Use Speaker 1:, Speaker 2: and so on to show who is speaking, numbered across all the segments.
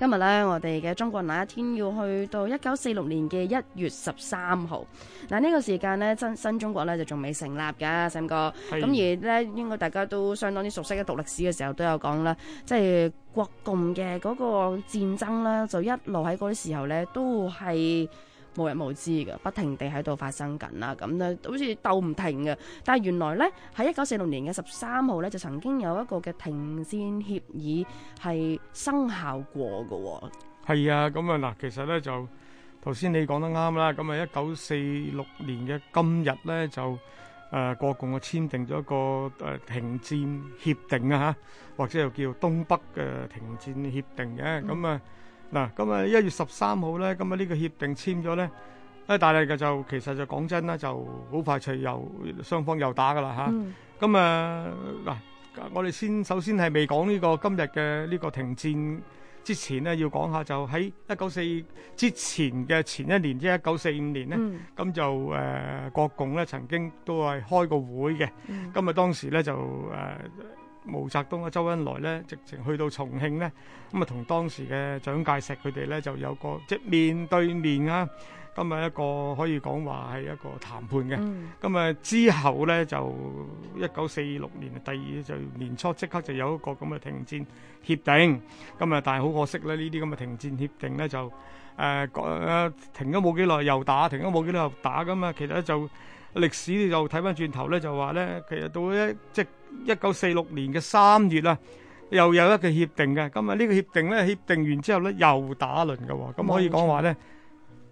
Speaker 1: 今日咧，我哋嘅中國那一天要去到一九四六年嘅一月十三號。嗱，呢個時間咧，新新中國咧就仲未成立㗎，Sam 哥。咁是而咧，應該大家都相當之熟悉，讀歷史嘅時候都有講啦，即係國共嘅嗰個戰爭咧，就一路喺嗰啲時候咧都係。無日無之嘅，不停地喺度發生緊啦，咁呢好似鬥唔停嘅。但係原來呢喺一九四六年嘅十三號呢，就曾經有一個嘅停戰協議係生效過㗎。
Speaker 2: 係啊，咁啊嗱，其實呢就頭先你講得啱啦。咁啊，一九四六年嘅今日呢就誒，國共啊簽訂咗一個誒停戰協定啊，吓或者又叫東北嘅停戰協定嘅。咁啊。嗱，咁啊一月十三號咧，咁啊呢個協定簽咗咧，啊但係嘅就其實就講真啦，就好快脆又雙方又打㗎啦，吓。咁啊嗱，我哋先首先係未講呢個今日嘅呢個停戰之前咧，要講下就喺一九四之前嘅前一年即係一九四五年咧，咁就誒國共咧曾經都係開過會嘅，咁啊當時咧就誒。毛澤東啊，周恩來咧，直情去到重慶咧，咁啊同當時嘅蔣介石佢哋咧就有個即係面對面啊，咁啊一個可以講話係一個談判嘅。咁啊之後咧就一九四六年第二就年初即刻就有一個咁嘅停戰協定。咁啊但係好可惜咧，呢啲咁嘅停戰協定咧就誒停咗冇幾耐又打，停咗冇幾耐又打。咁啊其實咧就歷史就睇翻轉頭咧就話咧，其實到一即係。一九四六年嘅三月啊，又有一個協定嘅，咁啊呢個協定咧，協定完之後咧又打輪嘅喎，咁可以講話咧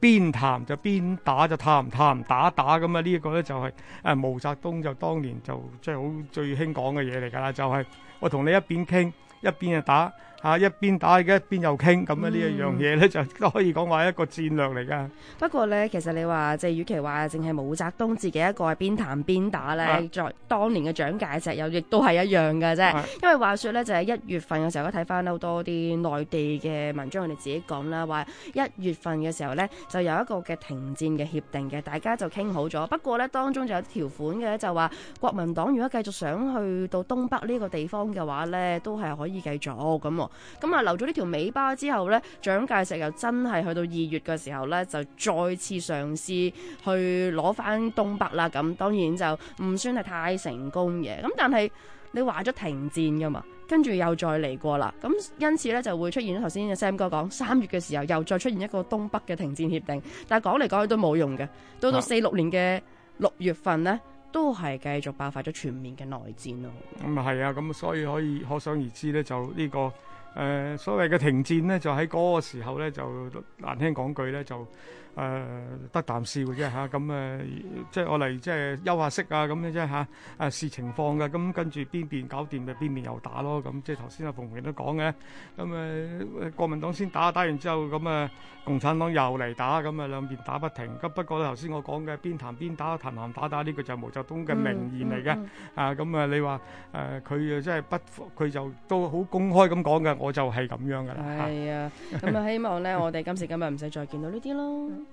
Speaker 2: 邊談就邊打，探探打，打，打這這就探談打打，咁啊呢一個咧就係誒毛澤東就當年就即係最好最興講嘅嘢嚟㗎啦，就係、是、我同你一邊傾一邊就打。吓、啊、一邊打嘅一邊又傾，咁啊呢一樣嘢、嗯、呢，就都可以講話一個戰略嚟㗎。
Speaker 1: 不過呢，其實你話即係，與其話淨係毛澤東自己一個係邊談邊打呢，在、啊、當年嘅蔣介石又亦都係一樣嘅啫。啊、因為話說呢，就喺、是、一月份嘅時候咧，睇翻好多啲內地嘅文章，我哋自己講啦，話一月份嘅時候呢，就有一個嘅停戰嘅協定嘅，大家就傾好咗。不過呢，當中就有條款嘅，就話國民黨如果繼續想去到東北呢個地方嘅話呢，都係可以繼續咁。咁啊，留咗呢條尾巴之後呢，蔣介石又真係去到二月嘅時候呢，就再次嘗試去攞翻東北啦。咁當然就唔算係太成功嘅。咁但係你話咗停戰㗎嘛，跟住又再嚟過啦。咁因此呢，就會出現咗頭先 Sam 哥講三月嘅時候又再出現一個東北嘅停戰協定，但係講嚟講去都冇用嘅。到到四六年嘅六月份呢，都係繼續爆發咗全面嘅內戰咯。
Speaker 2: 咁啊係啊，咁、嗯啊、所以可以可想而知呢，就呢、呢個。誒、呃，所謂嘅停戰咧，就喺嗰個時候咧，就難聽講句咧就。誒得啖笑嘅啫嚇，咁誒即係我嚟即係休下息啊咁嘅啫嚇，誒視情況嘅，咁跟住邊邊搞掂咪邊邊又打咯，咁即係頭先阿馮榮都講嘅，咁誒國民黨先打，打完之後咁誒共產黨又嚟打，咁誒兩邊打不停。咁不過頭先我講嘅邊談邊打，談談打打呢個就係毛澤東嘅名言嚟嘅，啊咁誒你話誒佢誒即係不佢就都好公開咁講嘅，我就係咁樣嘅啦。係啊，咁啊
Speaker 1: 希望咧我哋今時今日唔使再見到呢啲咯。